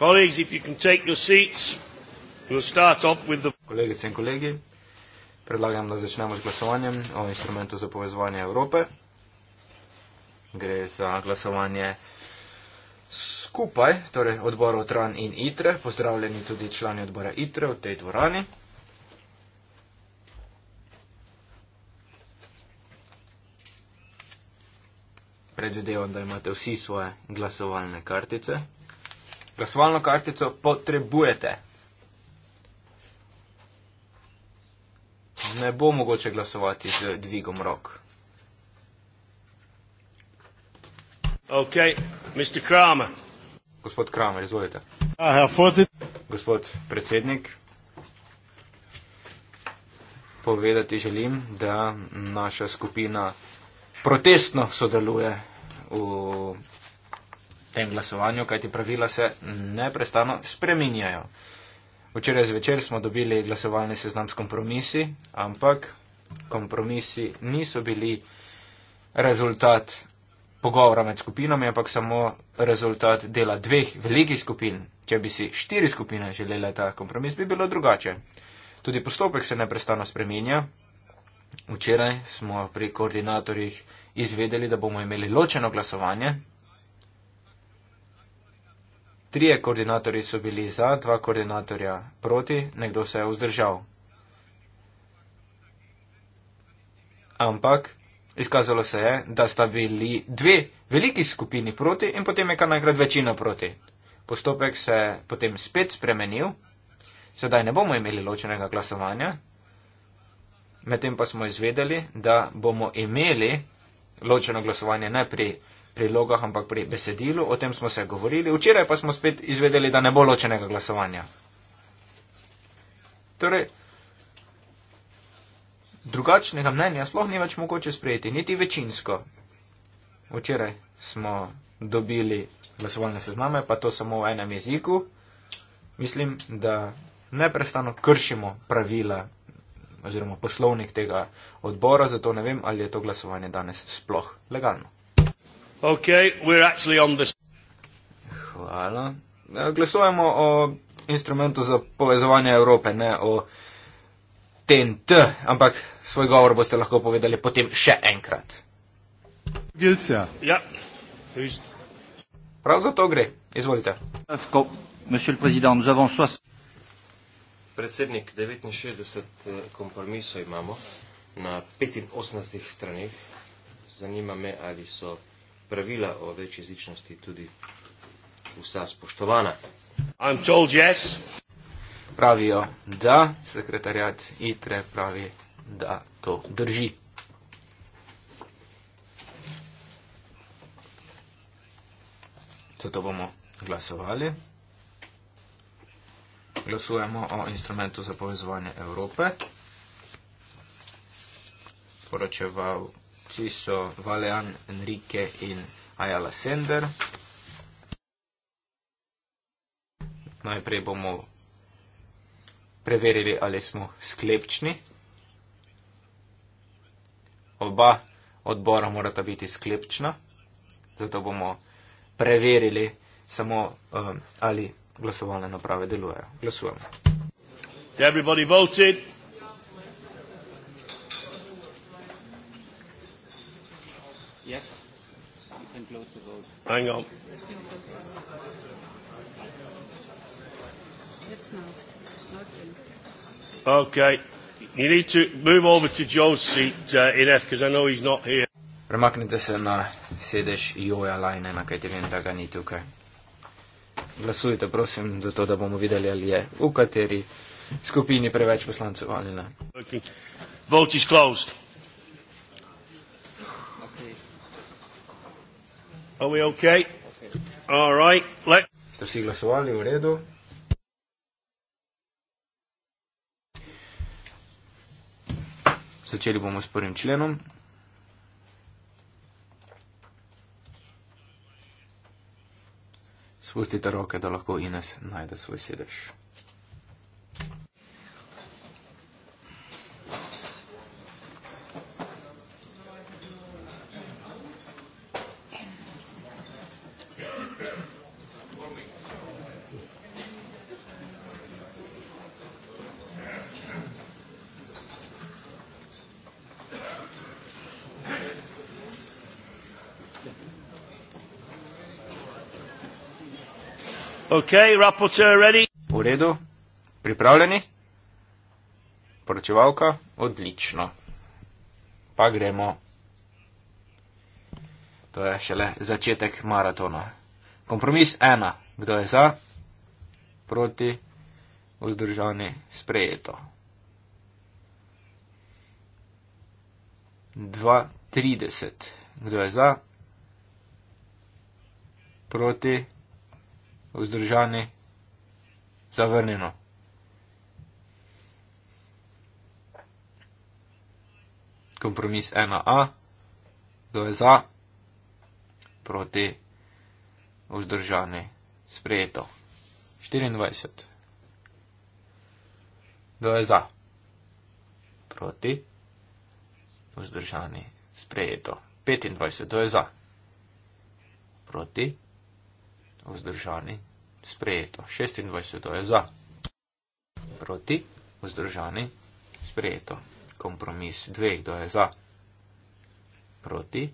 Colleagues, if you can take your seats, we'll start off with the... Kolegice in kolegi, predlagam, da začnemo z glasovanjem o instrumentu za povezovanje Evrope. Gre za glasovanje skupaj, torej odborov Tran in ITRE. Pozdravljeni tudi člani odbora ITRE v tej dvorani. Predvidevam, da imate vsi svoje glasovalne kartice glasovalno kartico potrebujete. Ne bo mogoče glasovati z dvigom rok. Ok, Mr. Kramer. Gospod Kramer, izvolite. Ja, ja, Gospod predsednik, povedati želim, da naša skupina protestno sodeluje v tem glasovanju, kajti pravila se neprestano spreminjajo. Včeraj zvečer smo dobili glasovalni seznam s kompromisi, ampak kompromisi niso bili rezultat pogovora med skupinami, ampak samo rezultat dela dveh velikih skupin. Če bi si štiri skupine želele ta kompromis, bi bilo drugače. Tudi postopek se neprestano spreminja. Včeraj smo pri koordinatorjih izvedeli, da bomo imeli ločeno glasovanje, Trije koordinatorji so bili za, dva koordinatorja proti, nekdo se je vzdržal. Ampak izkazalo se je, da sta bili dve veliki skupini proti in potem je kar naenkrat večina proti. Postopek se je potem spet spremenil, sedaj ne bomo imeli ločenega glasovanja, medtem pa smo izvedeli, da bomo imeli ločeno glasovanje ne pri prilogah, ampak pri besedilu. O tem smo se govorili. Včeraj pa smo spet izvedeli, da ne bo ločenega glasovanja. Torej, drugačnega mnenja sploh ni več mogoče sprejeti, niti večinsko. Včeraj smo dobili glasovalne sezname, pa to samo v enem jeziku. Mislim, da neprestano kršimo pravila oziroma poslovnik tega odbora, zato ne vem, ali je to glasovanje danes sploh legalno. Okay, we're actually on this. Hvala. Eh, glasujemo o instrumentu za povezovanje Evrope, ne o TNT, ampak svoj govor boste lahko povedali potem še enkrat. Gilce. Ja. Prav za to gre. Izvolite. Predsednik, 69 eh, kompromisov imamo na 85 stranih. Zanima me, ali so pravila o večjezičnosti tudi vsa spoštovana. Yes. Pravijo, da sekretarjat ITRE pravi, da to drži. Zato bomo glasovali. Glasujemo o instrumentu za povezovanje Evrope. Poročeval ki so Valean Enrique in Ayala Sender. Najprej bomo preverili, ali smo sklepčni. Oba odbora morata biti sklepčna, zato bomo preverili samo, um, ali glasovalne naprave delujejo. Glasujemo. Everybody voted. Yes. You can close the vote. Hang on. It's not. Not in. Okay. You need to move over to Joe's seat, uh, in F, because I know he's not here. Premaknite se na sedež Joja Lajnena, kajti vem, da ga ni tukaj. Glasujte, prosim, za to, da bomo videli, ali je v kateri skupini preveč poslancev ali ne. Okay. Vote is closed. Are we okay? All right. Let Ste vsi glasovali v redu? Začeli bomo s prvim členom. Spustite roke, da lahko Ines najde svoj sedež. Ok, rapporteur ready. V redu, pripravljeni? Poročevalka, odlično. Pa gremo. To je šele začetek maratona. Kompromis ena. Kdo je za? Proti. Vzdržani. Sprejeto. 2.30. Kdo je za? Proti vzdržani, zavrnjeno. Kompromis 1a, kdo je za, proti, vzdržani, sprejeto. 24. Kdo je za, proti, vzdržani, sprejeto. 25. Kdo je za, proti, vzdržani vzdržani, sprejeto. 26 je za, proti, vzdržani, sprejeto. Kompromis dveh, kdo je za, proti,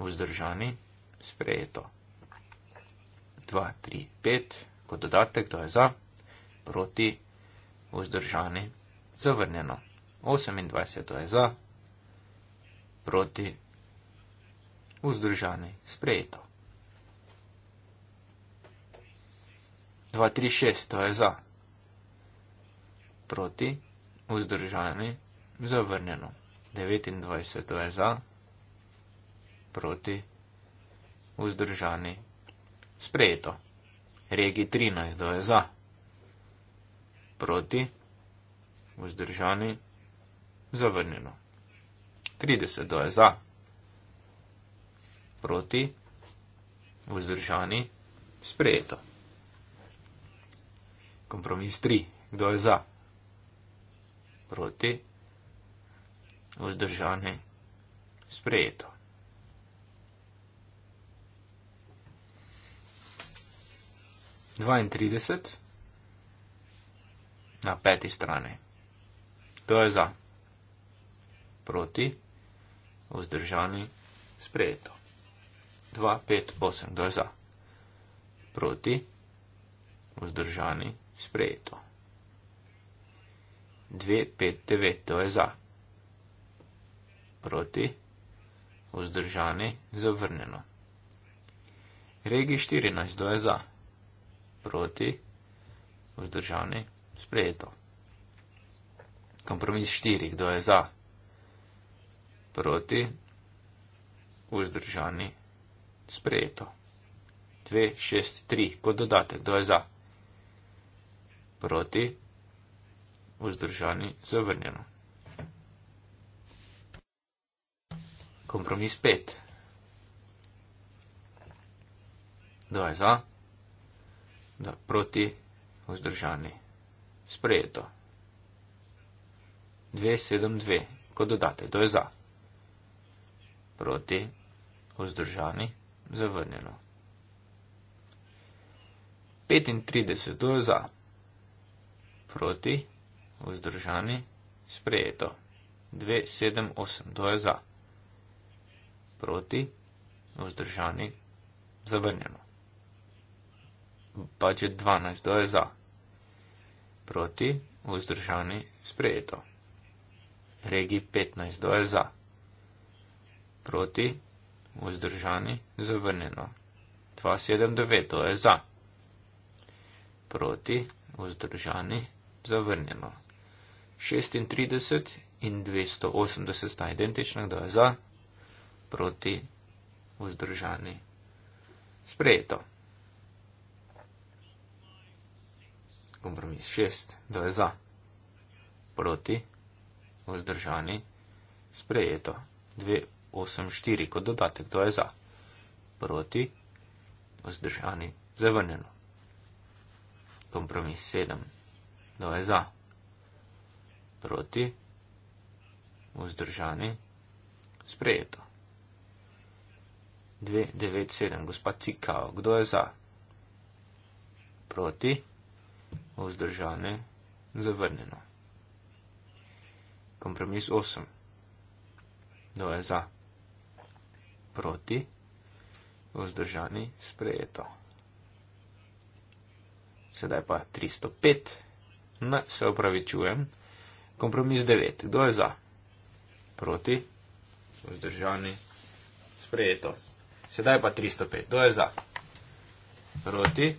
vzdržani, sprejeto. 2, 3, 5, kot dodatek, kdo je za, proti, vzdržani, zavrnjeno. 28 je za, proti, vzdržani, sprejeto. 2, 3, 6, to je za. Proti, vzdržani, zavrnjeno. 29, to je za. Proti, vzdržani, sprejeto. Regi 13, to je za. Proti, vzdržani, zavrnjeno. 30, to je za. Proti, vzdržani, sprejeto. Kompromis 3. Kdo je za? Proti? Vzdržane? Sprejeto. Dvaintrideset na peti strani. To je za. Proti, vzdržani, sprejeto. Dva, pet, osem. To je za. Proti, vzdržani, sprejeto sprejeto. 259, to je za. Proti, vzdržani, zavrnjeno. Regi 14, to je za. Proti, vzdržani, sprejeto. Kompromis 4, kdo je za? Proti, vzdržani, sprejeto. 2, 6, 3, kot dodatek, kdo je za? proti, vzdržani, zavrnjeno. Kompromis 5. 2 je za, 2 proti, vzdržani, sprejeto. 2, 7, 2, ko dodate, 2 je za, proti, vzdržani, zavrnjeno. 35, 2 je za, proti, vzdržani, sprejeto. 2, 7, 8, to je za. Proti, vzdržani, zavrnjeno. Pač je 12, to je za. Proti, vzdržani, sprejeto. Regi 15, to je za. Proti, vzdržani, zavrnjeno. 2, 7, 9, to je za. Proti, vzdržani, zavrnjeno zavrnjeno. 36 in 280 sta identična, kdo je za, proti, vzdržani. Sprejeto. Kompromis 6, kdo je za, proti, vzdržani. Sprejeto. 284, kot dodatek, kdo je za, proti, vzdržani, zavrnjeno. Kompromis 7 da je za, proti, vzdržani, sprejeto. 297, gospa Cikao, kdo je za, proti, vzdržani, zavrnjeno. Kompromis 8, kdo je za, proti, vzdržani, sprejeto. Sedaj pa 305. Ne, se opravičujem. Kompromis 9. Kdo je za? Proti? Vzdržani? Sprejeto. Sedaj pa 305. Kdo je za? Proti?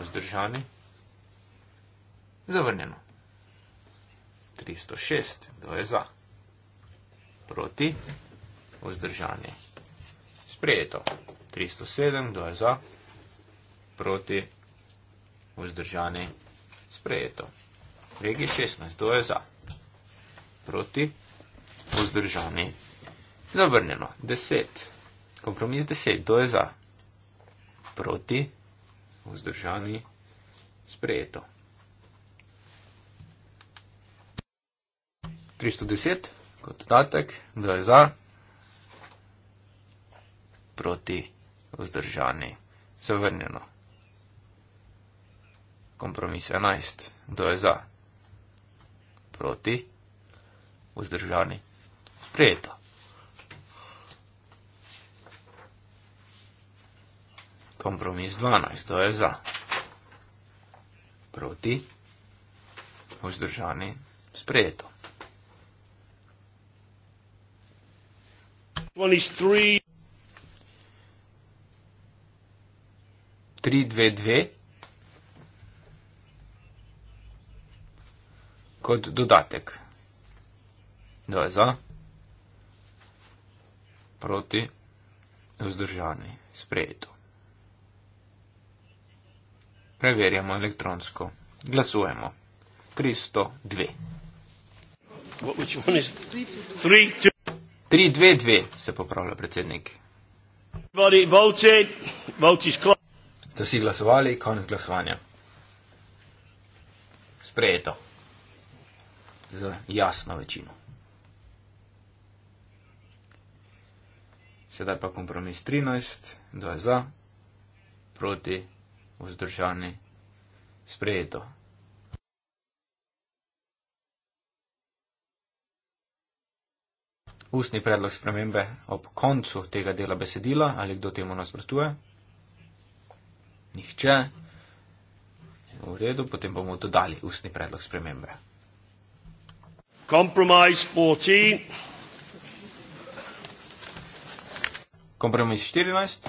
Vzdržani? Zavrnjeno. 306. Kdo je za? Proti? Vzdržani? Sprejeto. 307. Kdo je za? Proti? Vzdržani? Sprejeto sprejeto. Regi 16, kdo je za? Proti? Vzdržani. Zavrnjeno. 10. Kompromis 10, kdo je za? Proti? Vzdržani. Sprejeto. 310 kot dodatek, kdo je za? Proti? Vzdržani. Zavrnjeno. Kompromis 11. Kdo je za? Proti? Vzdržani? Sprejeto. Kompromis 12. Kdo je za? Proti? Vzdržani? Sprejeto. Tri, dve, dve. kot dodatek. Kdo je za? Proti? Vzdržani? Sprejeto. Preverjamo elektronsko. Glasujemo. 302. 322 se popravlja predsednik. Ste vsi glasovali? Konec glasovanja. Sprejeto z jasno večino. Sedaj pa kompromis 13, 2 za, proti, vzdržani, sprejeto. Ustni predlog spremembe ob koncu tega dela besedila, ali kdo temu nasprotuje? Nihče. V redu, potem bomo dodali ustni predlog spremembe. Compromise 14. Compromise 14.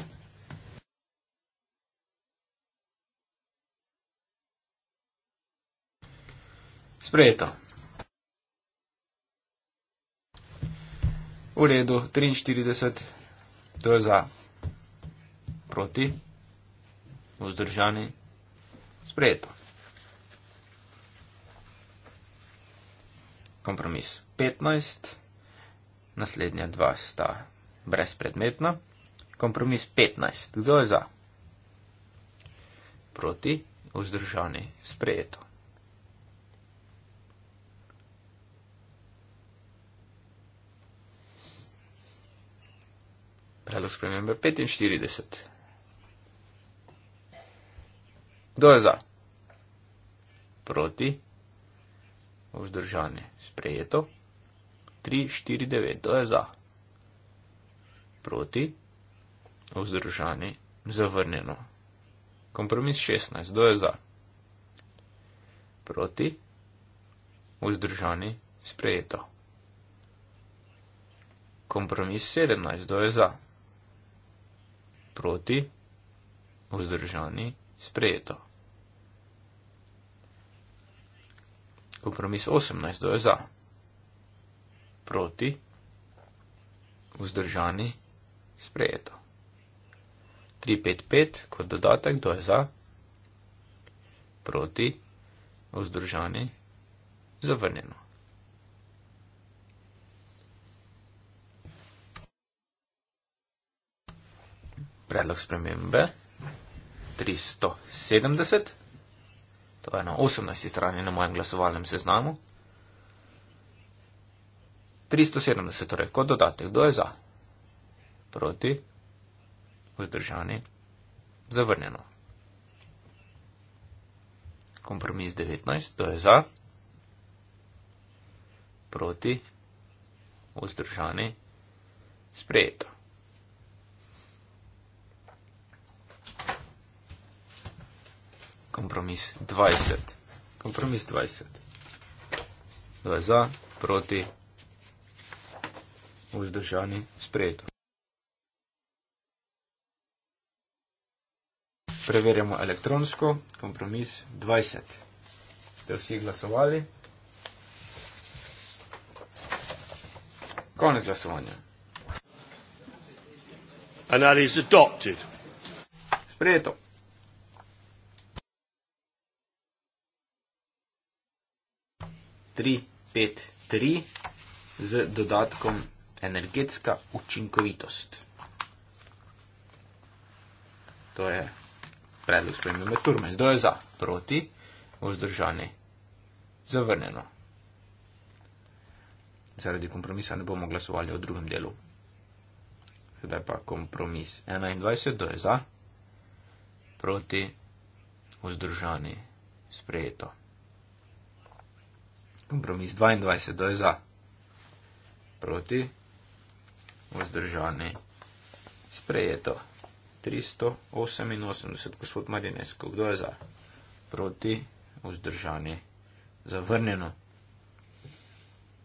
Sprejeto. V redu 43, to je za, proti, vzdržani, sprejeto. kompromis 15, naslednja dva sta brezpredmetna. Kompromis 15, kdo je za? Proti, vzdržani, sprejeto. Predlog spremembe 45. Kdo je za? Proti, vzdržanje. Sprejeto. 3, 4, 9, to je za. Proti. Vzdržanje. Zavrnjeno. Kompromis 16, to je za. Proti. Vzdržanje. Sprejeto. Kompromis 17, to je za. Proti. Vzdržanje. Sprejeto. kompromis 18, kdo je za? Proti, vzdržani, sprejeto. 355 kot dodatek, kdo je za? Proti, vzdržani, zavrnjeno. Predlog spremembe 370. To je na 18. strani na mojem glasovalnem seznamu. 370, torej kot dodatek, kdo je za? Proti? Vzdržani? Zavrnjeno. Kompromis 19, kdo je za? Proti? Vzdržani? Sprejeto. kompromis 20. Kompromis 20. Dva za, proti, vzdržani, sprejeto. Preverjamo elektronsko, kompromis 20. Ste vsi glasovali? Konec glasovanja. And that is adopted. Sprejeto. 353 z dodatkom energetska učinkovitost. To je predlog spremembe turme. Zdaj je za, proti, vzdržani, zavrnjeno. Zaradi kompromisa ne bomo glasovali o drugem delu. Sedaj pa kompromis 21, kdo je za, proti, vzdržani, sprejeto. Kompromis 22, kdo je za? Proti? Vzdržani. Sprejeto. 388, gospod Marinesko, kdo je za? Proti? Vzdržani. Zavrnjeno.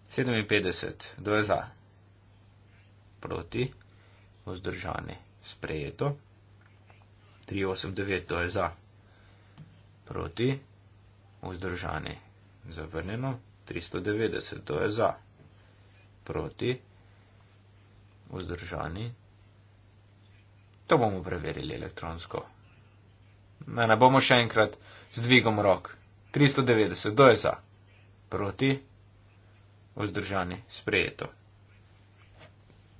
57, kdo je za? Proti? Vzdržani. Sprejeto. 389, kdo je za? Proti? Vzdržani. Zavrnjeno. 390, to je za. Proti, vzdržani. To bomo preverili elektronsko. Ne, ne bomo še enkrat z dvigom rok. 390, to je za. Proti, vzdržani, sprejeto.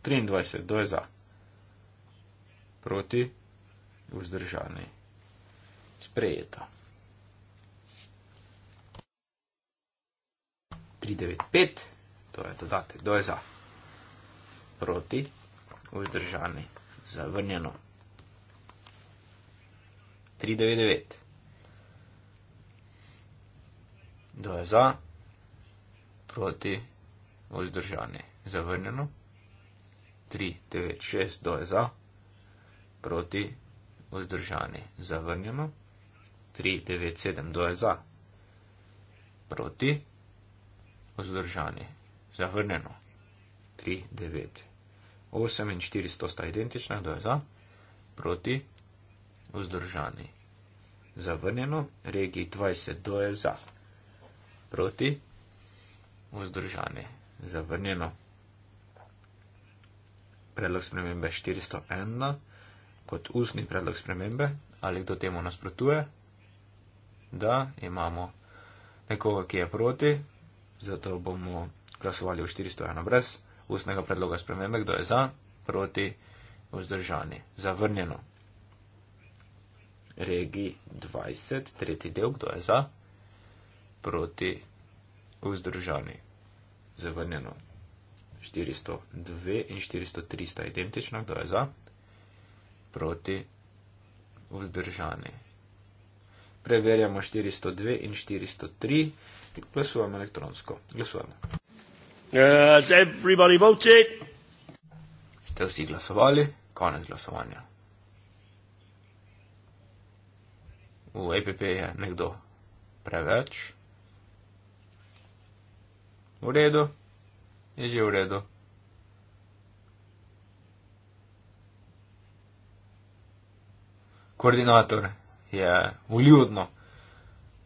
23, to je za. Proti, vzdržani, sprejeto. 395, torej dodate, kdo je za, proti, vzdržani, zavrnjeno. 399. Kdo je za, proti, vzdržani, zavrnjeno. 396, kdo je za, proti, vzdržani, zavrnjeno. 397, kdo je za, proti, vzdržani vzdržani. Zavrnjeno. 3, 9. 8 in 4 sto sta identična, kdo je za? Proti. Vzdržani. Zavrnjeno. Regiji 20, kdo je za? Proti. Vzdržani. Zavrnjeno. Predlog spremembe 401. Kot ustni predlog spremembe. Ali kdo temu nasprotuje? Da, imamo nekoga, ki je proti zato bomo glasovali v 401 brez ustnega predloga spremembe, kdo je za, proti, vzdržani, zavrnjeno. Regi 20, tretji del, kdo je za, proti, vzdržani, zavrnjeno. 402 in 403 sta identična, kdo je za, proti, vzdržani. Preverjamo 402 in 403. Glasujemo elektronsko. Glasujemo. Uh, has everybody voted? Ste vsi glasovali? Konec glasovanja. V APP e je nekdo preveč. V redu. Je že v redu. Koordinator je voljudno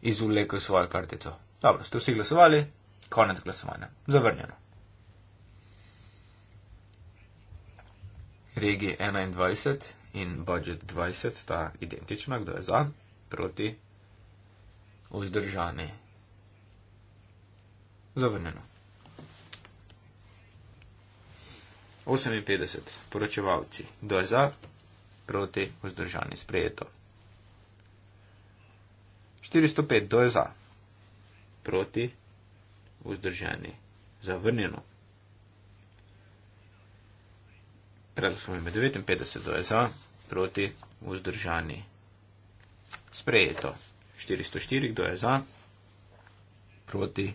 izvlekel svojo kartico. Dobro, ste vsi glasovali, konec glasovanja. Zavrnjeno. Regi 21 in budžet 20 sta identična, kdo je za, proti, vzdržani. Zavrnjeno. 58. Poročevalci. Kdo je za? Proti. Vzdržani. Sprejeto. 405. Kdo je za? proti, vzdržani, zavrnjeno. Predlog smo imeli 59, to je za, proti, vzdržani, sprejeto. 404, kdo je za, proti,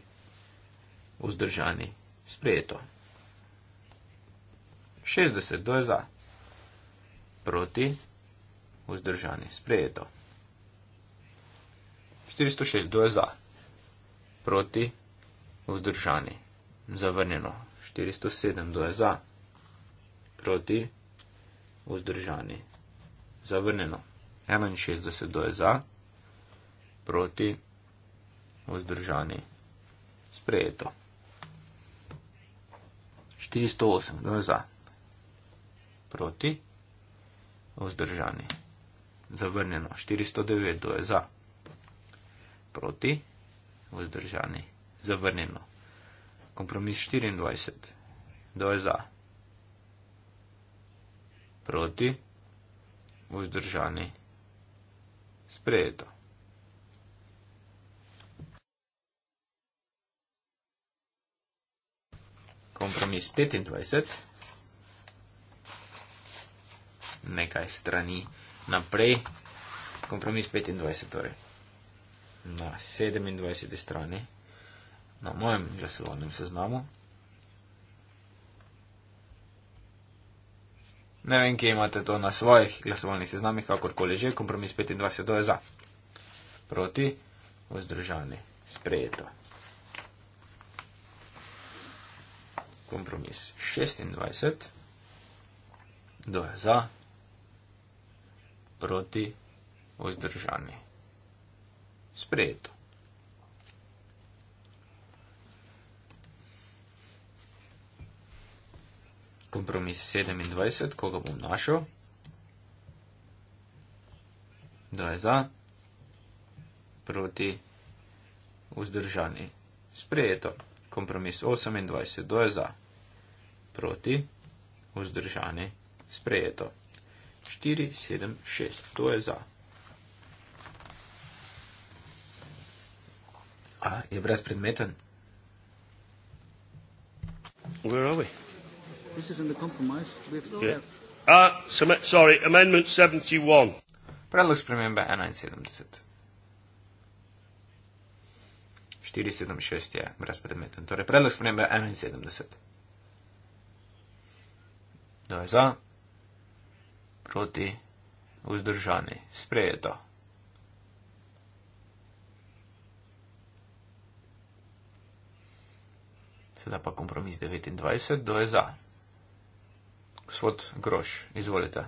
vzdržani, sprejeto. 60, kdo je za, proti, vzdržani, sprejeto. 406, kdo je za, proti, vzdržani, zavrnjeno, 407, kdo je za, proti, vzdržani, zavrnjeno, 61, kdo je za, proti, vzdržani, sprejeto. 408, kdo je za, proti, vzdržani, zavrnjeno, 409, kdo je za, proti, vzdržani, vzdržani. Zavrnjeno. Kompromis 24. Kdo je za? Proti? Vzdržani. Sprejeto. Kompromis 25. Nekaj strani naprej. Kompromis 25 torej na 27. strani, na mojem glasovnem seznamu. Ne vem, kje imate to na svojih glasovnih seznamih, kakorkoli že, kompromis 25, to je za. Proti, vzdržani, sprejeto. Kompromis 26, to je za. Proti, vzdržani sprejeto. Kompromis 27, ko ga bom našel. Da je za, proti, vzdržani. Sprejeto. Kompromis 28, da je za, proti, vzdržani. Sprejeto. 4, 7, 6, to je za. a je brezpredmeten. Where are we? This is in the compromise. We've yeah. uh, ah, so, sorry, amendment 71. Predlog spremembe 71. 476 je brezpredmeten. Torej, predlog spremembe 71. Kdo je za? Proti? Vzdržani. Sprejeto. sedaj pa kompromis 29, do je za. Gospod Groš, izvolite.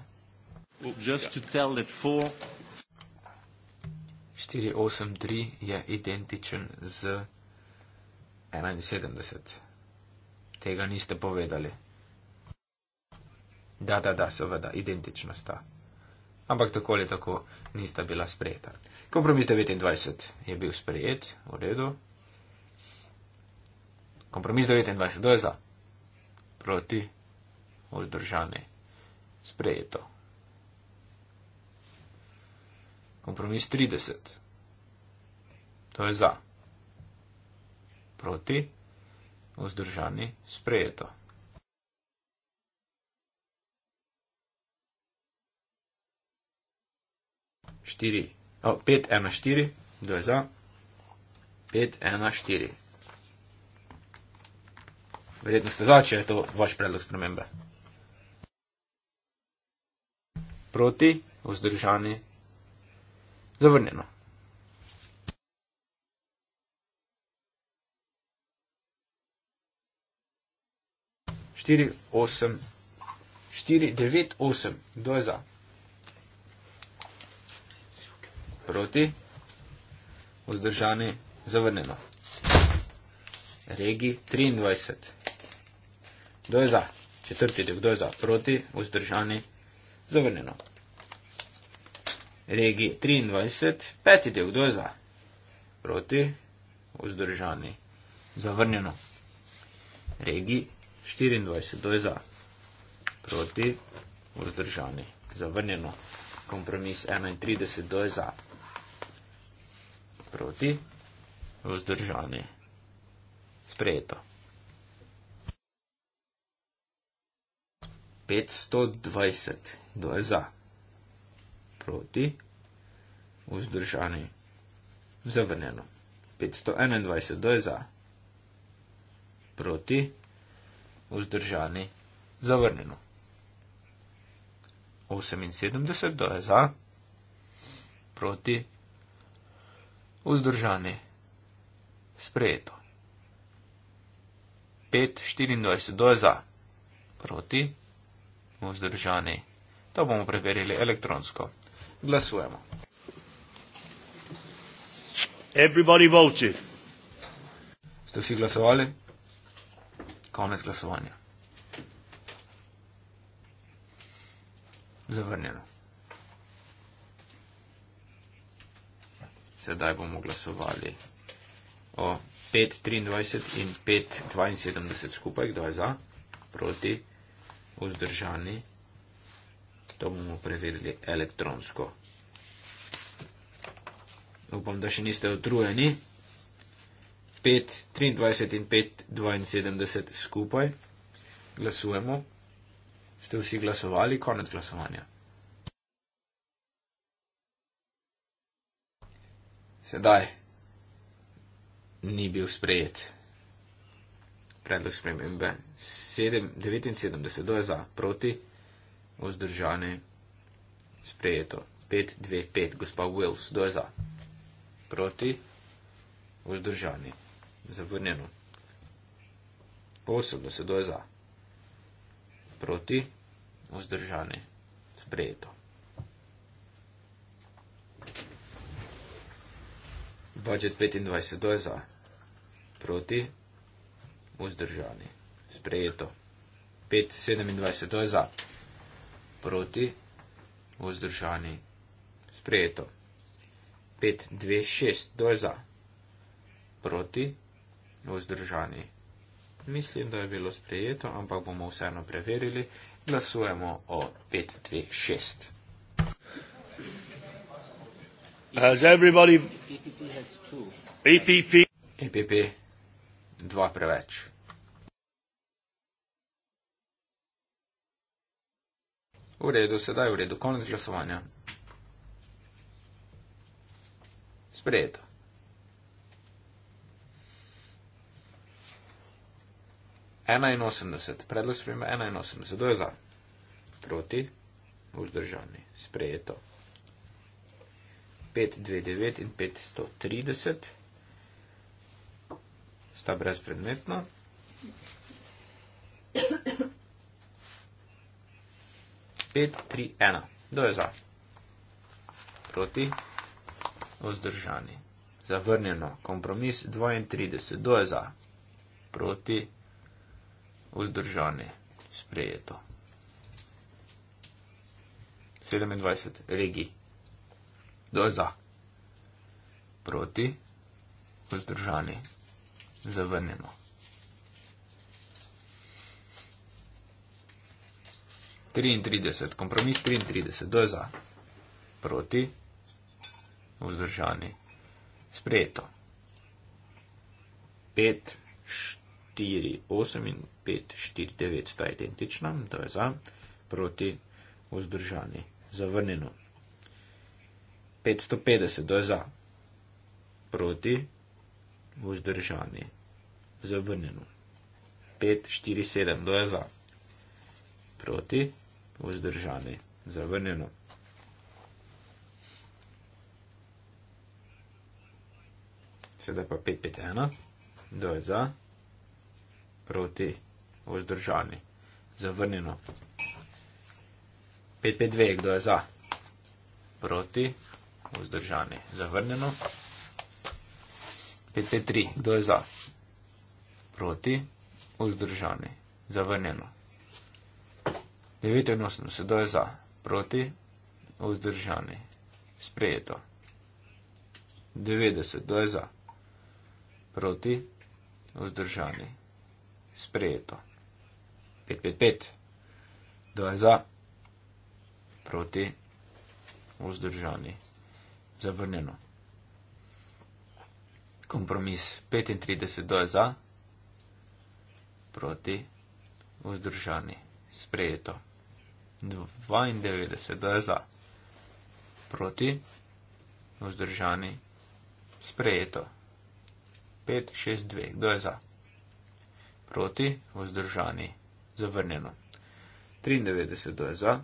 483 je identičen z 71. Tega niste povedali. Da, da, da, seveda, identično sta. Ampak tako ali tako nista bila sprejeta. Kompromis 29 je bil sprejet, v redu. Kompromis 29, kdo je za? Proti, vzdržane, sprejeto. Kompromis 30, kdo je za? Proti, vzdržane, sprejeto. Štiri, o, pet, ena, štiri, kdo je za? Pet, ena, štiri. Verjetno ste za, če je to vaš predlog spremembe. Proti, vzdržani, zavrnjeno. Štiri, osem, štiri, devet, osem, kdo je za? Proti, vzdržani, zavrnjeno. Regi 23. Kdo je za? Četrti del. Kdo je za? Proti, vzdržani, zavrnjeno. Regi 23. Peti del. Kdo je za? Proti, vzdržani, zavrnjeno. Regi 24. Kdo je za? Proti, vzdržani, zavrnjeno. Kompromis 31. Kdo je za? Proti, vzdržani. Sprejeto. 520, kdo je za, proti, vzdržani, zavrnjeno. 521, kdo je za, proti, vzdržani, zavrnjeno. 78, kdo je za, proti, vzdržani, sprejeto. 5, 24, kdo je za, proti, vzdržani bomo vzdržani. To bomo preverili elektronsko. Glasujemo. Everybody voted. Ste vsi glasovali? Konec glasovanja. Zavrnjeno. Sedaj bomo glasovali o 5.23 in 5.72 skupaj, kdo je za, proti vzdržani. To bomo preverili elektronsko. Upam, da še niste otrujeni. 5, 23 in 5, 72 skupaj. Glasujemo. Ste vsi glasovali? Konec glasovanja. Sedaj ni bil sprejet predlog spremembe 7, 79, kdo je za, proti, vzdržani, sprejeto. 5, 2, 5, gospa Wills, kdo je za, proti, vzdržani, zavrnjeno. 8, da se kdo je za, proti, vzdržani, sprejeto. Budget 25, kdo je za? Proti, vzdržani. Sprejeto. 5.27. To je za. Proti. Vzdržani. Sprejeto. 5.26. To je za. Proti. Vzdržani. Mislim, da je bilo sprejeto, ampak bomo vseeno preverili. Glasujemo o 5.26. EPP. EPP. Dva preveč. V redu, sedaj v redu, konec glasovanja. Sprejeto. Enajnosemdeset, predlog sprejme enajnosemdeset, kdo je za? Proti, vzdržani, sprejeto. 529 in 530 sta brezpredmetna. 5, 3, 1. Kdo je za? Proti? Ozdržani. Zavrnjeno. Kompromis 32. Kdo je za? Proti? Ozdržani. Sprejeto. 27. Regi. Kdo je za? Proti? Ozdržani. Zavrnjeno. 33, kompromis 33, kdo je za? Proti, vzdržani, sprejeto. 5, 4, 8 in 5, 4, 9 sta identična, kdo je za? Proti, vzdržani, zavrnjeno. 550, kdo je za? Proti, vzdržani, zavrnjeno. 5, 4, 7, kdo je za? Proti, vzdržani vzdržani. Zavrnjeno. Sedaj pa 5-5-1. Doj za. Proti. Vzdržani. Zavrnjeno. 5-5-2. Kdo je za? Proti. Vzdržani. Zavrnjeno. 5-5-3. Kdo je za? Proti. Vzdržani. Zavrnjeno. 5-5-4. 89, kdo je za, proti, vzdržani, sprejeto. 90, kdo je za, proti, vzdržani, sprejeto. 555, kdo je za, proti, vzdržani, zavrnjeno. Kompromis 35, kdo je za, proti, vzdržani, sprejeto. 92, da je za. Proti, vzdržani, sprejeto. 5, 6, 2, kdo je za. Proti, vzdržani, zavrnjeno. 93, kdo je za.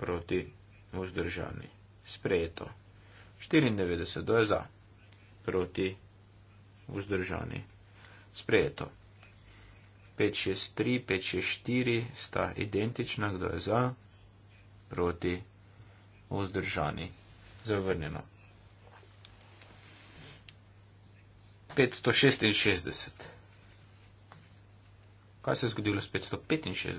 Proti, vzdržani, sprejeto. 94, kdo je za. Proti, vzdržani, sprejeto. 563, 564 sta identična, kdo je za, proti, vzdržani, zavrnjeno. 566. Kaj se je zgodilo s 565?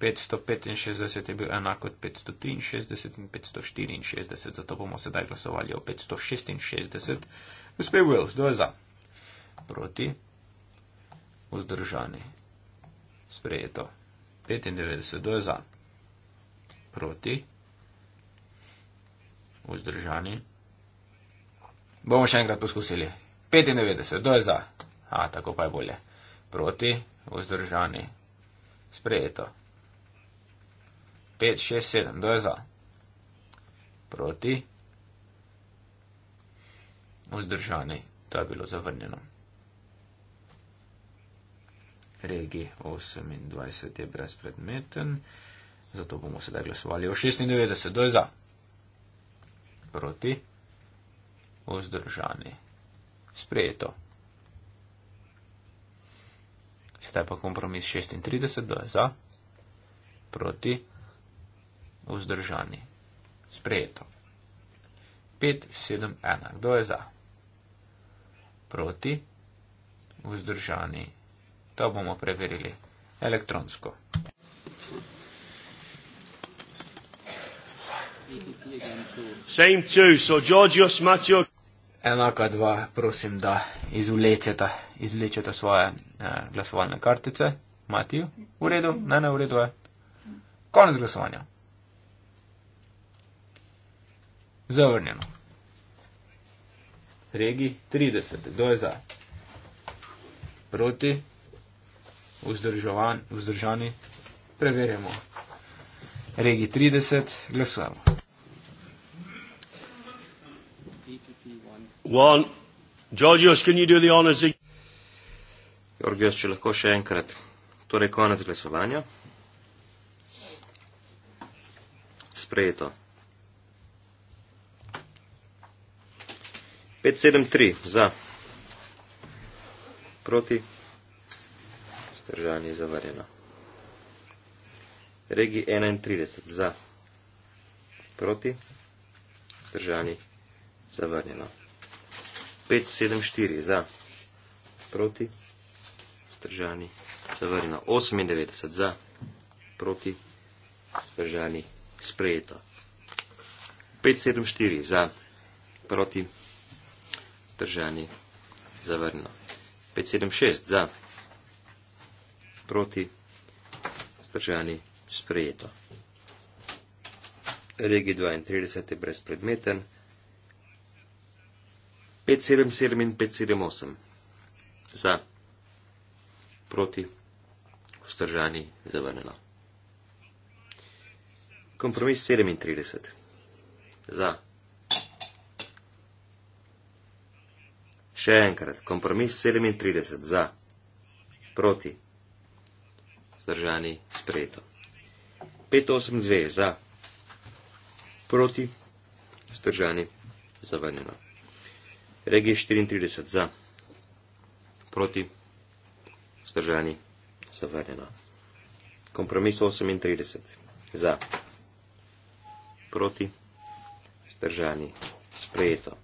565 je bil enako kot 563 in 564, zato bomo sedaj glasovali o 566. Gospod Wills, kdo je za? Proti vzdržani. Sprejeto. 95, kdo je za? Proti. Vzdržani. Bomo še enkrat poskusili. 95, kdo je za? A, tako pa je bolje. Proti. Vzdržani. Sprejeto. 5, 6, 7, kdo je za? Proti. Vzdržani. To je bilo zavrnjeno regi 28 je brezpredmeten, zato bomo sedaj glasovali o 96, kdo je za? Proti? Ozdržani. Sprejeto. Sedaj pa kompromis 36, kdo je za? Proti? Ozdržani. Sprejeto. 5, 7, 1. Kdo je za? Proti? Vzdržani. To bomo preverili elektronsko. Enaka dva, prosim, da izvlečeta, izvlečeta svoje eh, glasovalne kartice. Matijo, v redu, ne, ne, v redu je. Konec glasovanja. Zavrnjeno. Regi 30. Kdo je za? Proti? vzdržani, preverjamo. Regi 30, glasujemo. Jorgios, če lahko še enkrat. Torej, konec glasovanja. Sprejeto. 573 za. Proti. Vzdržanje je zavarjeno. Regi 31 za. Proti. Vzdržanje je zavarjeno. 574 za. Proti. Vzdržanje je zavarjeno. 98 za. Proti. Vzdržanje je sprejeto. 574 za. Proti. Vzdržanje je zavarjeno. 576 za. Proti proti, vzdržani sprejeto. Regi 32 je brezpredmeten. 577 in 578 za, proti, vzdržani zavrnjeno. Kompromis 37 za. Še enkrat, kompromis 37 za, proti, vzdržani, sprejeto. 582 za, proti, vzdržani, zavrnjeno. Regije 34 za, proti, vzdržani, zavrnjeno. Kompromis 38 za, proti, vzdržani, sprejeto.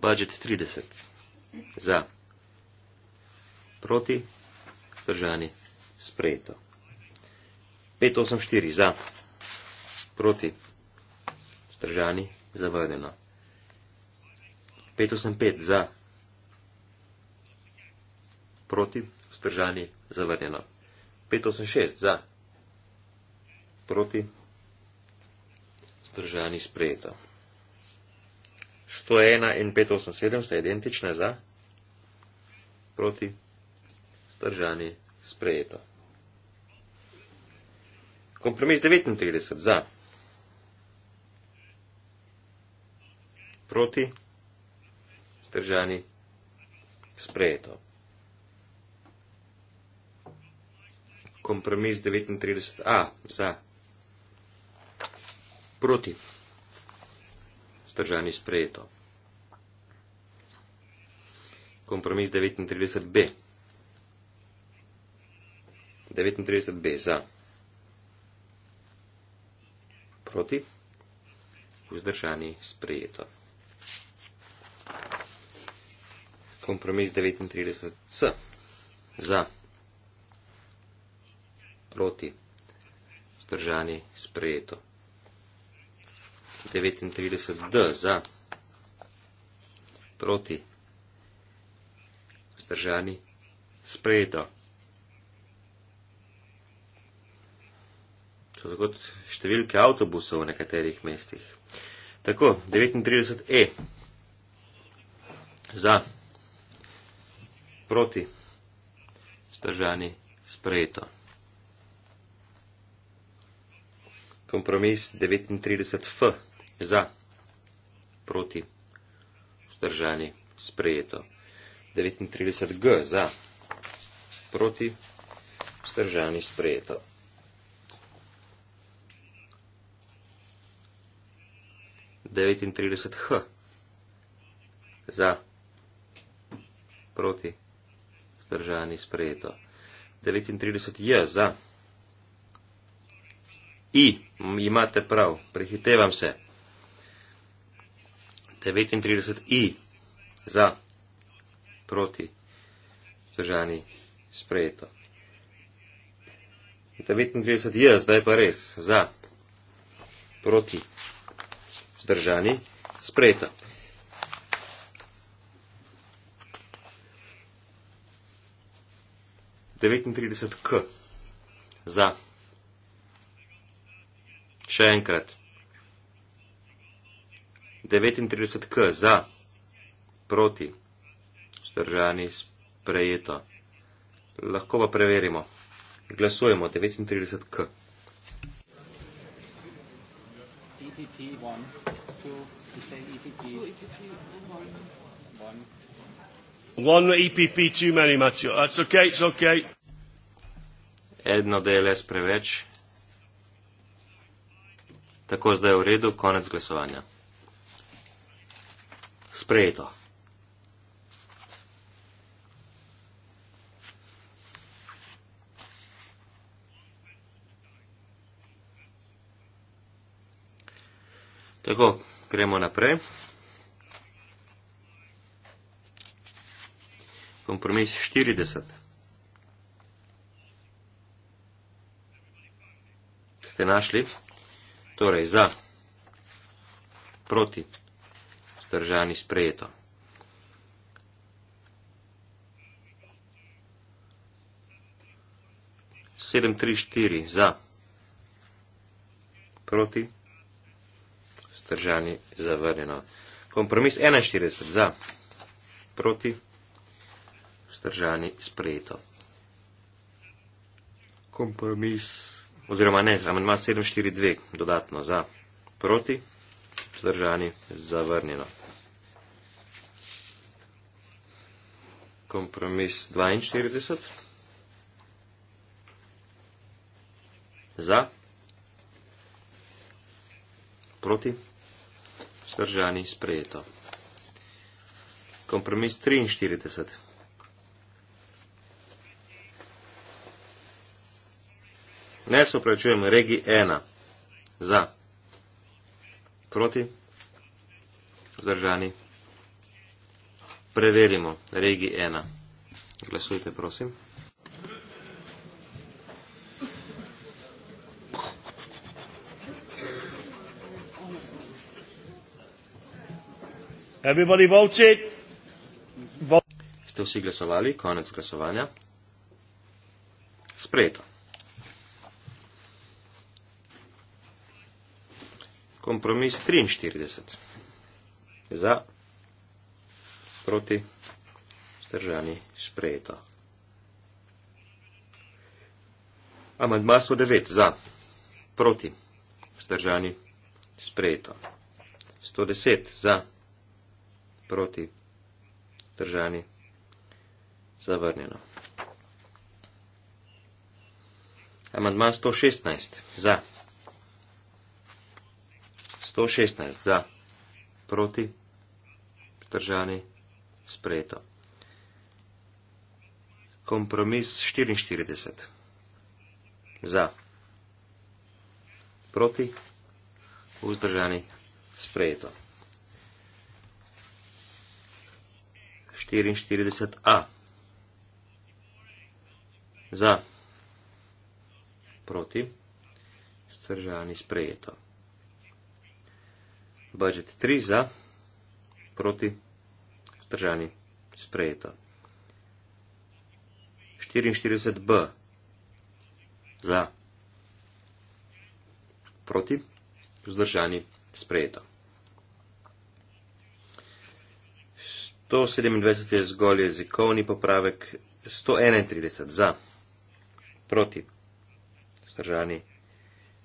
Budget 30 za, proti, proti, vzdržani, sprejeto. 584 za, proti, vzdržani, zavrnjeno. 585 za, proti, vzdržani, zavrnjeno. 586 za, proti, vzdržani, sprejeto. 101 in 587 sta identična za, proti, vzdržani, sprejeto vzdržani, sprejeto. Kompromis 39 za. Proti, vzdržani, sprejeto. Kompromis 39a za. Proti, vzdržani, sprejeto. Kompromis 39b. 39b za, proti, vzdržani, sprejeto. Kompromis 39c za, proti, vzdržani, sprejeto. 39d za, proti, vzdržani, sprejeto. 39e. So tako kot številke avtobusov v nekaterih mestih. Tako, 39E za, proti, stržani, sprejeto. Kompromis 39F za, proti, stržani, sprejeto. 39G za, proti, stržani, sprejeto. 39H. Za, proti, vzdržani, sprejeto. 39J za. I, imate prav, prehitevam se. 39I za, proti, vzdržani, sprejeto. 39J, zdaj pa res, za, proti, vzdržani, sprejeta. devetintrideset k za še enkrat devetintrideset k za proti vzdržani sprejeto lahko pa preverimo glasujemo devetintrideset k P1, 2, to say EPP. 2 EPP, 1. 1. 1 EPP, too many, Matthew. That's okay. It's okay. Eno DLS preveč. Tako, zdaj je v redu, konec glasovanja. Sprejeto. Tako, gremo naprej. Kompromis 40. Ste našli? Torej, za, proti, zdržani, sprejeto. Sedem, tri, štiri, za, proti, zdržani vzdržani zavrnjeno. Kompromis 41 za, proti, vzdržani sprejeto. Kompromis. Oziroma ne, amandma 742 dodatno za, proti, vzdržani zavrnjeno. Kompromis 42. Za. Proti vzdržani sprejeto. Kompromis 43. Ne se upravičujem, regi 1. Za. Proti. Vzdržani. Preverimo. Regi 1. Glasujte, prosim. Everybody votes it. Vote. Ste vsi glasovali? Konec glasovanja. Sprejeto. Kompromis 43. Za, proti, stržani, sprejeto. Amandma 109. Za, proti, stržani, sprejeto. 110. Za, proti proti, držani, zavrnjeno. Amandma 116, za. 116, za. Proti, držani, sprejeto. Kompromis 44, za. Proti, vzdržani, sprejeto. 44a. Za. Proti. Stržani sprejeto. Budget 3 za. Proti. Stržani sprejeto. 44b. Za. Proti. Zdržani sprejeto. 127 je zgolj jezikovni popravek, 131 za, proti, stržani,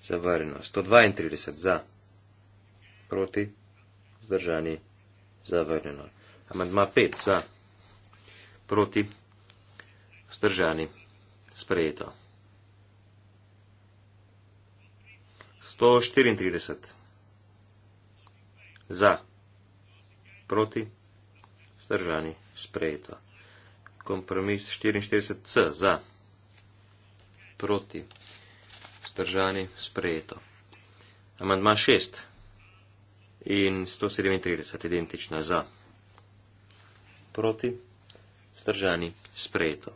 zavrnjeno, 132 za, proti, stržani, zavrnjeno. Amandma 5 za, proti, stržani, sprejeto. 134 za, proti, stržani vzdržani, sprejeto. Kompromis 44c za, proti, vzdržani, sprejeto. Amandma 6 in 137 identična za, proti, vzdržani, sprejeto.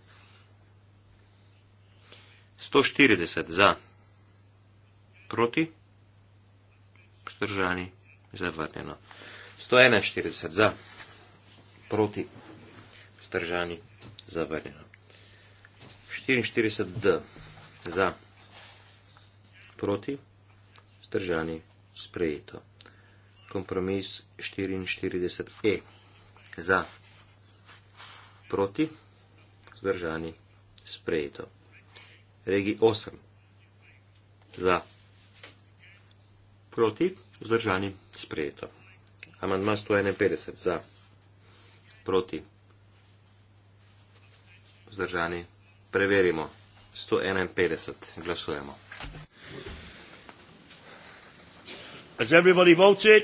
140 za, proti, vzdržani, zavrnjeno. 141 za proti, стържани, заварено. 44 Д. За. Проти. Стържани. Спрето. Компромис 44 Е. За. Проти. Стържани. Спрето. Реги 8. За. Проти. Стържани. Спрето. Амандма 151. За proti. Vzdržani, preverimo. 151 glasujemo. Has everybody voted?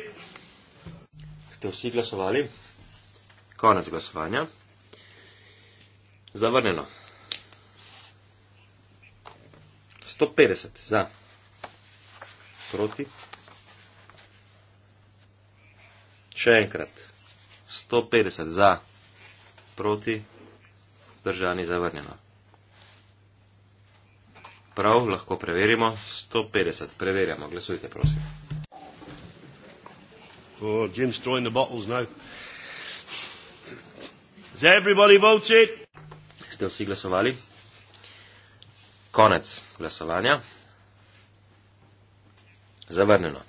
Ste vsi glasovali? Konec glasovanja. Zavrnjeno. 150 za. Proti. Še enkrat. 150 za, proti, vzdržani zavrnjeno. Prav, lahko preverimo, 150, preverjamo, glasujte prosim. Oh, Jim's throwing the bottles now. Has everybody voted? Ste vsi glasovali? Konec glasovanja. Zavrnjeno.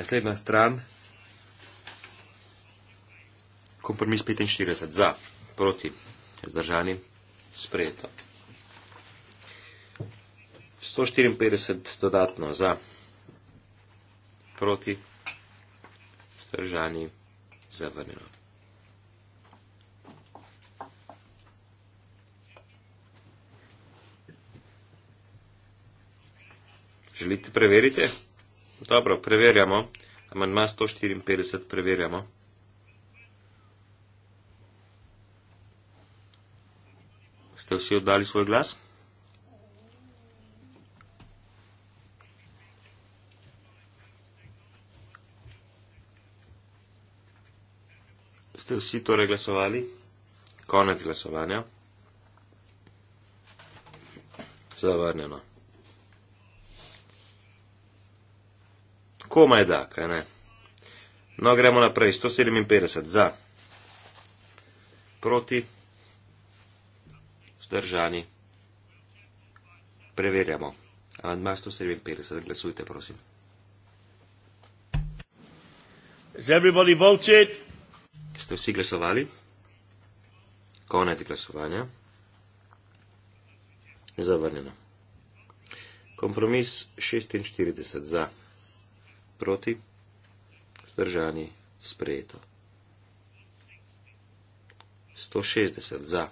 Naslednja stran, kompromis 45 za, proti, zdržani, sprejeto. 154 dodatno za, proti, zdržani, zavrnjeno. Želite preveriti? Dobro, preverjamo. Amandma 154 preverjamo. Ste vsi oddali svoj glas? Ste vsi torej glasovali? Konec glasovanja. Zavrnjeno. komaj da, kaj ne. No, gremo naprej. 157 za, proti, zdržani. Preverjamo. Amandma 157, glasujte, prosim. Is everybody voted? Ste vsi glasovali? Konec glasovanja. Zavrnjeno. Kompromis 46 za proti, vzdržani, sprejeto. 160 za,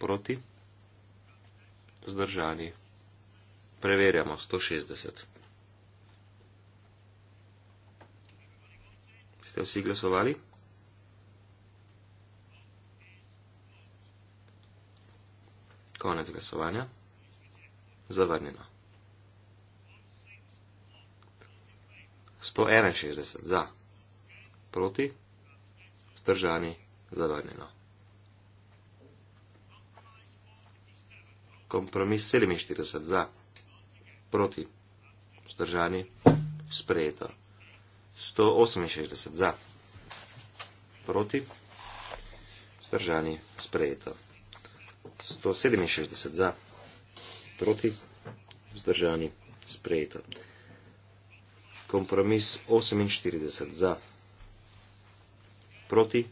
proti, vzdržani, preverjamo 160. Ste vsi glasovali? Konec glasovanja. Zavrnjeno. 161 za, proti, vzdržani, zavrnjeno. Kompromis 47 za, proti, vzdržani, sprejeto. 168 za, proti, vzdržani, sprejeto. 167 za, proti, vzdržani, sprejeto kompromis 48 za, proti,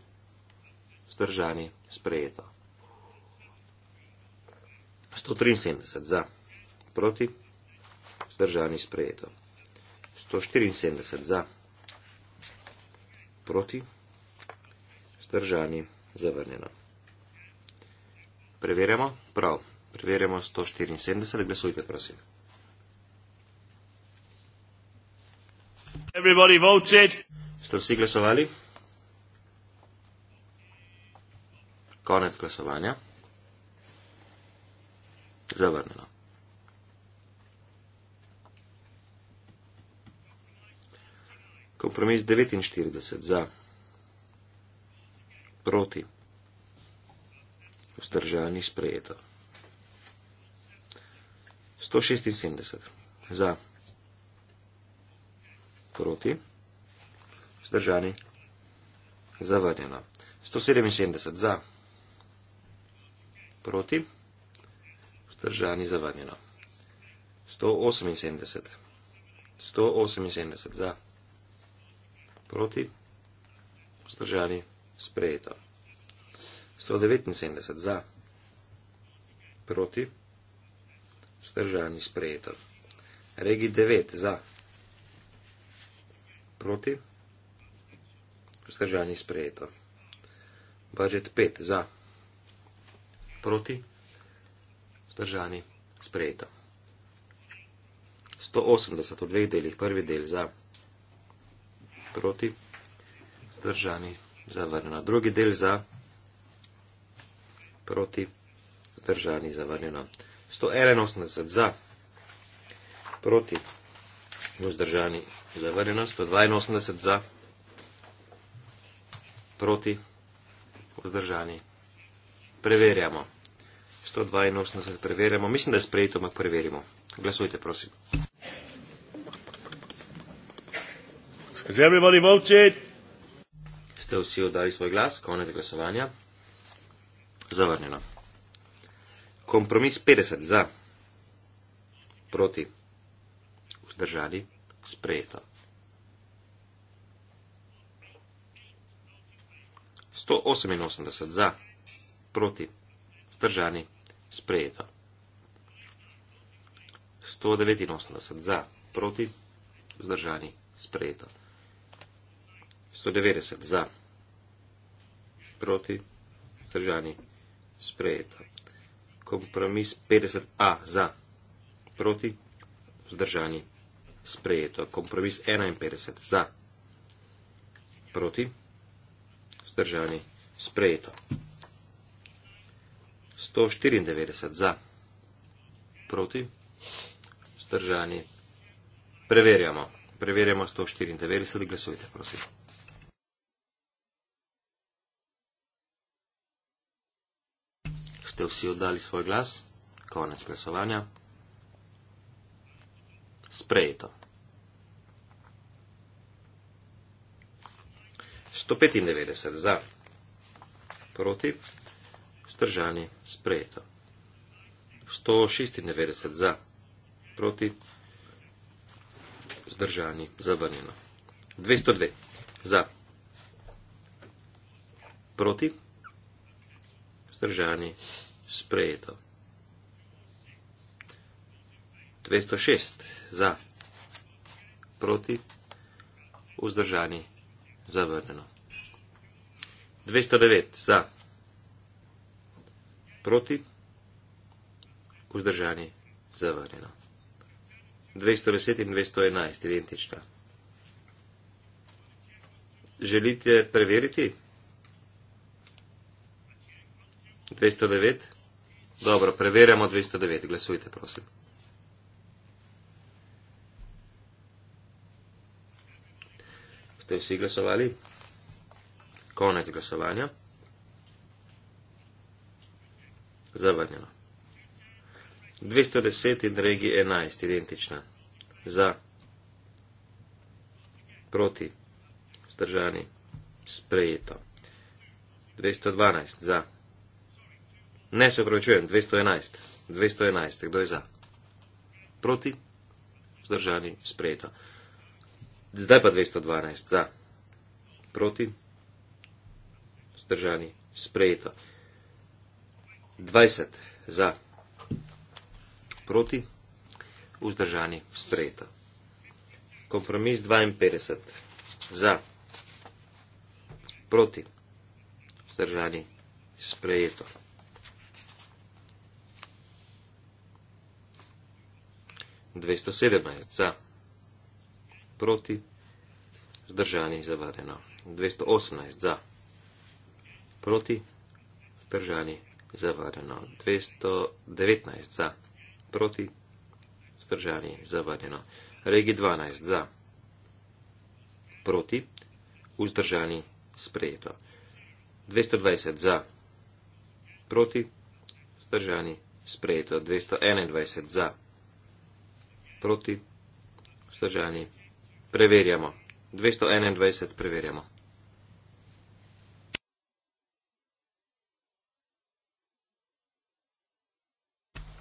vzdržani, sprejeto. 173 za, proti, vzdržani, sprejeto. 174 za, proti, vzdržani, zavrnjeno. Preverjamo, prav, preverjamo 174, glasujte prosim. Ste vsi glasovali? Konec glasovanja. Zavrnjeno. Kompromis 49 za, proti, vzdržani sprejeto. 176 za proti, vzdržani, zavrnjeno. 177 za, proti, vzdržani, zavrnjeno. 178, 178 za, proti, vzdržani, sprejeto. 179 za, proti, vzdržani, sprejeto. Regi 9 za, proti, proti, vzdržanje sprejeto. Budžet 5 za, proti, vzdržanje sprejeto. 180 v dveh delih, prvi del za, proti, vzdržanje zavrnjeno. Drugi del za, proti, vzdržanje zavrnjeno. 181 za, proti, vzdržanje zavrnjeno. Zavrnjeno 182 za, proti, vzdržani. Preverjamo. 182 preverjamo. Mislim, da je sprejeto, ampak preverimo. Glasujte, prosim. Ste vsi oddali svoj glas, konec glasovanja. Zavrnjeno. Kompromis 50 za, proti, vzdržani sprejeto. 188 za, proti, vzdržani, sprejeto. 189 za, proti, vzdržani, sprejeto. 190 za, proti, vzdržani, sprejeto. Kompromis 50a za, proti, vzdržani, sprejeto sprejeto. Kompromis 51 za, proti, vzdržani, sprejeto. 194 za, proti, vzdržani, preverjamo. Preverjamo 194, glasujte, prosim. Ste vsi oddali svoj glas? Konec glasovanja sprejeto. 195 za, proti, vzdržani, sprejeto. 196 za, proti, vzdržani, zavrnjeno. 202 za, proti, vzdržani, sprejeto. 206 za za, proti, vzdržani, zavrneno. 209 za, proti, vzdržani, zavrneno. 210 in 211, identična. Želite preveriti? 209? Dobro, preverjamo 209. Glasujte, prosim. Ste vsi glasovali? Konec glasovanja. Zavrnjeno. 210 in regi 11, identična. Za. Proti. Zdržani. Sprejeto. 212, za. Ne se upravičujem, 211. 211, kdo je za? Proti. Zdržani. Sprejeto. 213. Zdaj pa 212 za, proti, zdržani, sprejeto. 20 za, proti, vzdržani, sprejeto. Kompromis 52 za, proti, zdržani, sprejeto. Dvesto sedemnajst za proti, zdržani zavarjeno. 218 za, proti, zdržani zavarjeno. 219 za, proti, zdržani zavarjeno. Regi 12 za, proti, vzdržani sprejeto. 220 za, proti, vzdržani sprejeto. 221 za, proti, vzdržani sprejeto. Preverjamo. 221 preverjamo.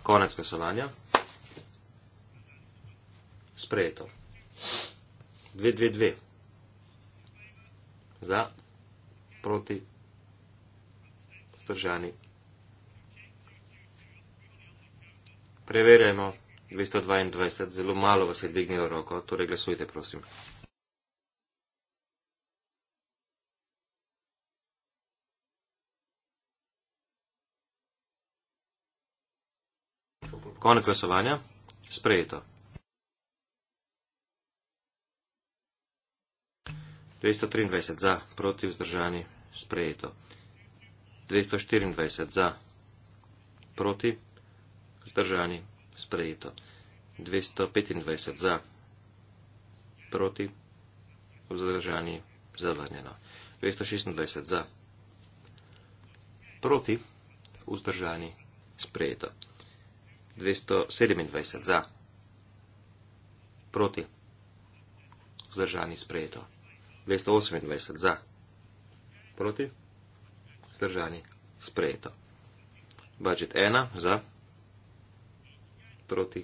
Konec glasovanja. Sprejeto. 222. Za, proti, vzdržani. Preverjamo. 222, zelo malo vas je dvignilo roko, torej glasujte, prosim. Konec glasovanja. Sprejeto. 223 za, proti vzdržani, sprejeto. 224 za, proti vzdržani, sprejeto. 225 za, proti, vzdržani, zavrnjeno. 226 za, proti, vzdržani, sprejeto. 227 za, proti, vzdržani, sprejeto. 228 za, proti, vzdržani, sprejeto. Budget 1 za proti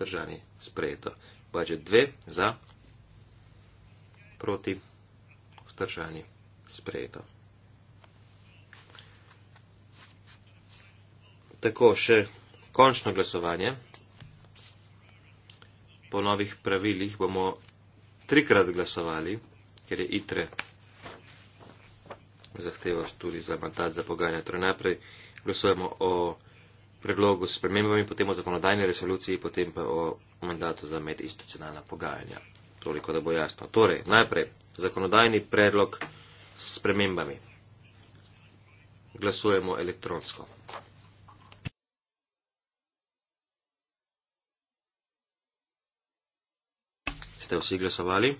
držanje sprejeto. Budget 2 za proti vzdržanje sprejeto. Tako še končno glasovanje. Po novih pravilih bomo trikrat glasovali, ker je ITRE zahteval tudi za mandat za pogajanje. Torej najprej glasujemo o predlogu s premembami, potem o zakonodajni resoluciji, potem pa o mandatu za medinstitucionalna pogajanja. Toliko, da bo jasno. Torej, najprej zakonodajni predlog s premembami. Glasujemo elektronsko. Ste vsi glasovali?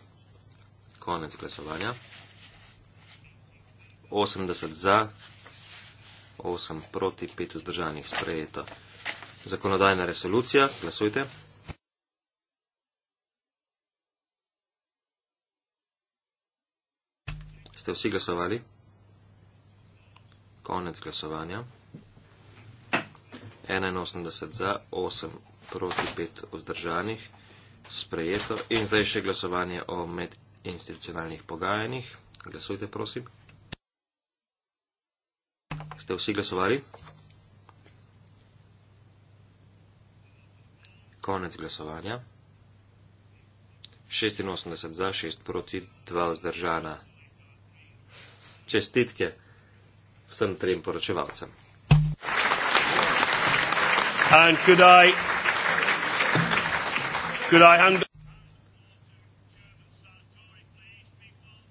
Konec glasovanja. 80 za, 8 proti 5 vzdržanih sprejeta. Zakonodajna resolucija, glasujte. Ste vsi glasovali? Konec glasovanja. 81 za, 8 proti 5 vzdržanih sprejeto. In zdaj še glasovanje o medinstitucionalnih pogajanjih. Glasujte, prosim. Ste vsi glasovali? Konec glasovanja. 86 za, 6 proti, 2 vzdržana. Čestitke vsem trem poročevalcem. And could I, could I hand...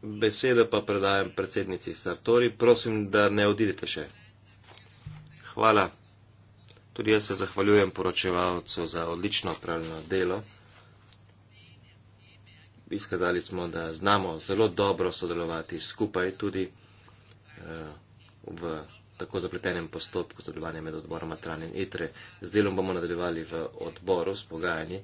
Besedo pa predajam predsednici Sartori. Prosim, da ne odidete še. Hvala. Tudi jaz se zahvaljujem poročevalcu za odlično opravljeno delo. Izkazali smo, da znamo zelo dobro sodelovati skupaj tudi eh, v tako zapletenem postopku sodelovanja med odborom Matran in Itre. Z delom bomo nadaljevali v odboru s pogajanji,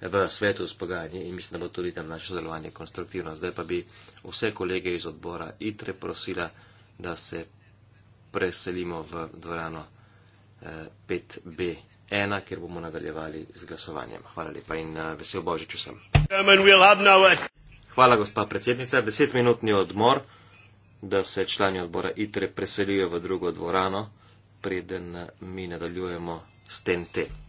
v svetu s pogajanji in mislim, da bo tudi tam naše sodelovanje konstruktivno. Zdaj pa bi vse kolege iz odbora Itre prosila, da se preselimo v dvorano 5B1, eh, kjer bomo nadaljevali z glasovanjem. Hvala lepa in eh, vesel božič vsem. Hvala, gospa predsednica. Desetminutni odmor, da se člani odbora ITRE preselijo v drugo dvorano, preden eh, mi nadaljujemo s TNT.